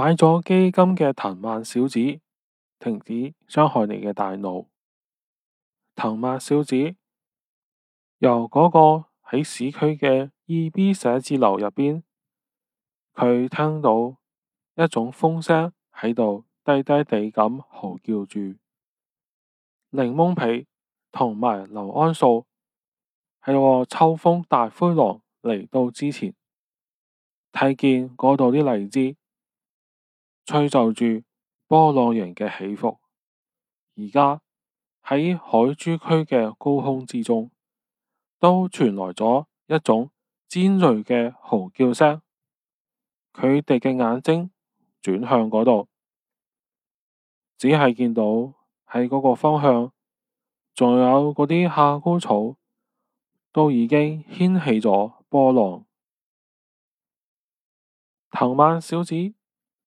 買咗基金嘅藤蔓小子，停止傷害你嘅大腦。藤蔓小子由嗰個喺市區嘅二 B 寫字樓入邊，佢聽到一種風聲喺度低低地咁嚎叫住。檸檬皮同埋硫胺素喺個秋風大灰狼嚟到之前，睇見嗰度啲荔枝。吹奏住波浪形嘅起伏，而家喺海珠區嘅高空之中，都傳來咗一種尖銳嘅嚎叫聲。佢哋嘅眼睛轉向嗰度，只係見到喺嗰個方向，仲有嗰啲夏枯草都已經掀起咗波浪。藤曼小子。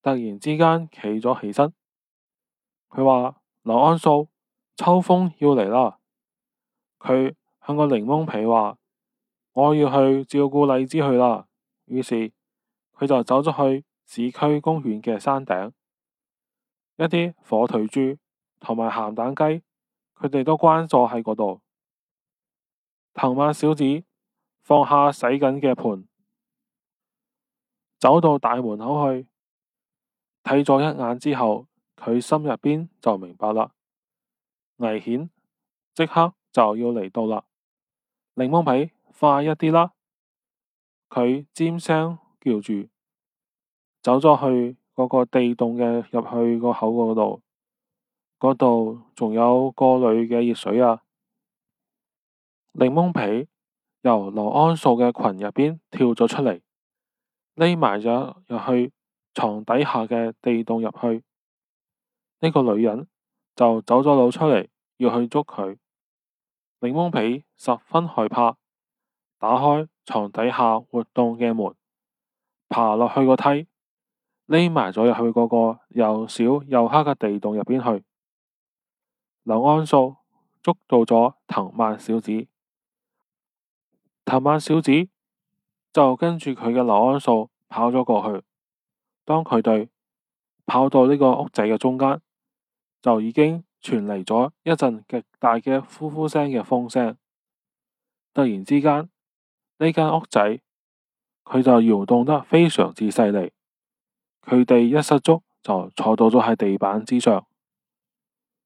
突然之間，企咗起身，佢話：劉安素，秋風要嚟啦！佢向個檸檬皮話：我要去照顧荔枝去啦！於是佢就走咗去市區公園嘅山頂。一啲火腿豬同埋咸蛋雞，佢哋都關咗喺嗰度。藤曼小子放下洗緊嘅盤，走到大門口去。睇咗一眼之後，佢心入邊就明白啦，危險即刻就要嚟到啦！檸檬皮，快一啲啦！佢尖聲叫住，走咗去嗰個地洞嘅入去個口嗰度，嗰度仲有過濾嘅熱水啊！檸檬皮由羅安素嘅裙入邊跳咗出嚟，匿埋咗入去。床底下嘅地洞入去，呢個女人就走咗路出嚟，要去捉佢。檸檬皮十分害怕，打開床底下活動嘅門，爬落去個梯，匿埋咗入去個個又小又黑嘅地洞入邊去。劉安素捉到咗藤蔓小子，藤蔓小子就跟住佢嘅劉安素跑咗過去。當佢哋跑到呢個屋仔嘅中間，就已經傳嚟咗一陣極大嘅呼呼聲嘅風聲。突然之間，呢間屋仔佢就搖動得非常之犀利。佢哋一失足就坐到咗喺地板之上。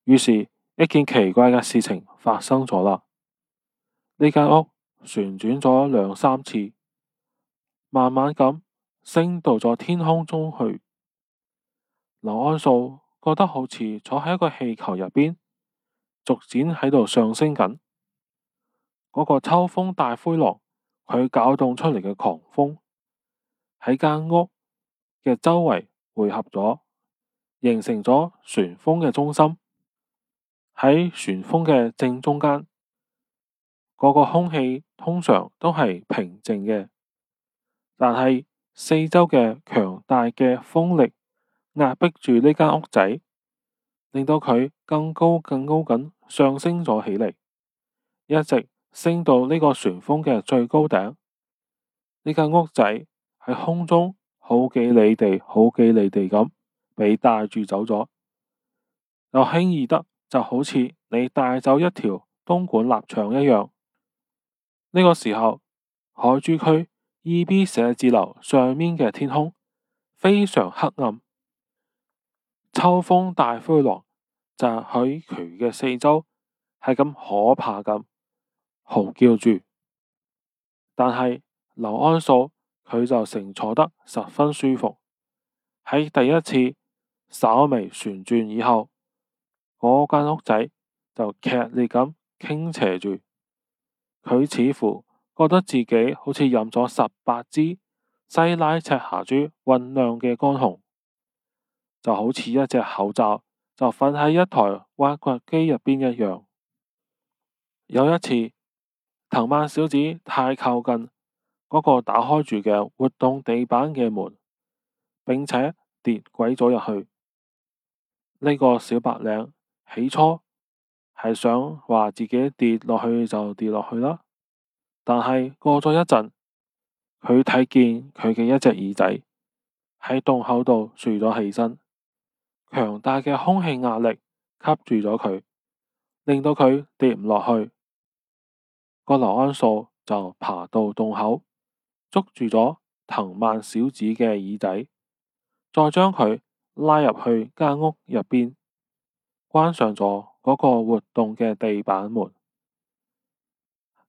於是，一件奇怪嘅事情發生咗啦。呢間屋旋轉咗兩三次，慢慢咁。升到咗天空中去，劉安素覺得好似坐喺一個氣球入邊，逐漸喺度上升緊。嗰、那個秋風大灰狼佢攪動出嚟嘅狂風，喺間屋嘅周圍匯合咗，形成咗旋風嘅中心。喺旋風嘅正中間，嗰、那個空氣通常都係平靜嘅，但係。四周嘅強大嘅風力壓迫住呢間屋仔，令到佢更高更高咁上升咗起嚟，一直升到呢個旋風嘅最高頂。呢間屋仔喺空中好幾里地，好幾里地咁被帶住走咗，又輕易得，就好似你帶走一條東莞臘腸一樣。呢、這個時候，海珠區。E.B. 寫字樓上面嘅天空非常黑暗，秋風大灰狼就喺佢嘅四周，係咁可怕咁嚎叫住。但係劉安素佢就乘坐得十分舒服。喺第一次稍微旋轉以後，嗰間屋仔就劇烈咁傾斜住，佢似乎覺得自己好似飲咗十八支西拉赤霞珠混釀嘅乾紅，就好似一隻口罩就瞓喺一台挖掘機入邊一樣。有一次，藤曼小子太靠近嗰個打開住嘅活動地板嘅門，並且跌鬼咗入去。呢、這個小白領起初係想話自己跌落去就跌落去啦。.但係過咗一陣，佢睇見佢嘅一隻耳仔喺洞口度豎咗起身，強大嘅空氣壓力吸住咗佢，令到佢跌唔落去。個羅安素就爬到洞口，捉住咗藤蔓小子嘅耳仔，再將佢拉入去間屋入邊，關上咗嗰個活動嘅地板門。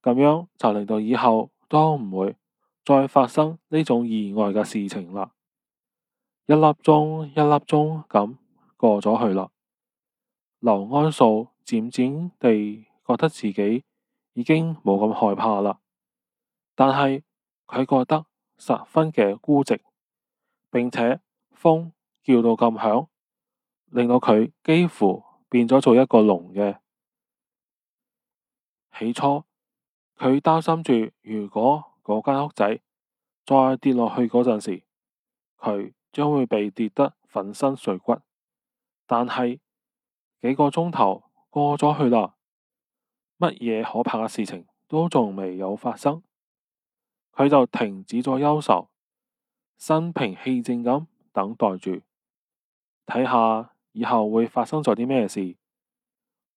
咁樣就令到以後都唔會再發生呢種意外嘅事情喇。一粒鐘一粒鐘咁過咗去喇。劉安素漸漸地覺得自己已經冇咁害怕喇，但係佢覺得十分嘅孤寂，並且風叫到咁響，令到佢幾乎變咗做一個聾嘅。起初。佢擔心住，如果嗰間屋仔再跌落去嗰陣時，佢將會被跌得粉身碎骨。但係幾個鐘頭過咗去啦，乜嘢可怕嘅事情都仲未有發生，佢就停止咗憂愁，身平氣靜咁等待住，睇下以後會發生咗啲咩事。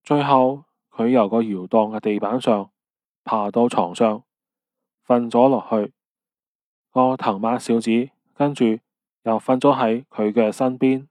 最後，佢由個搖盪嘅地板上。爬到床上瞓咗落去，個藤曼小子跟住又瞓咗喺佢嘅身邊。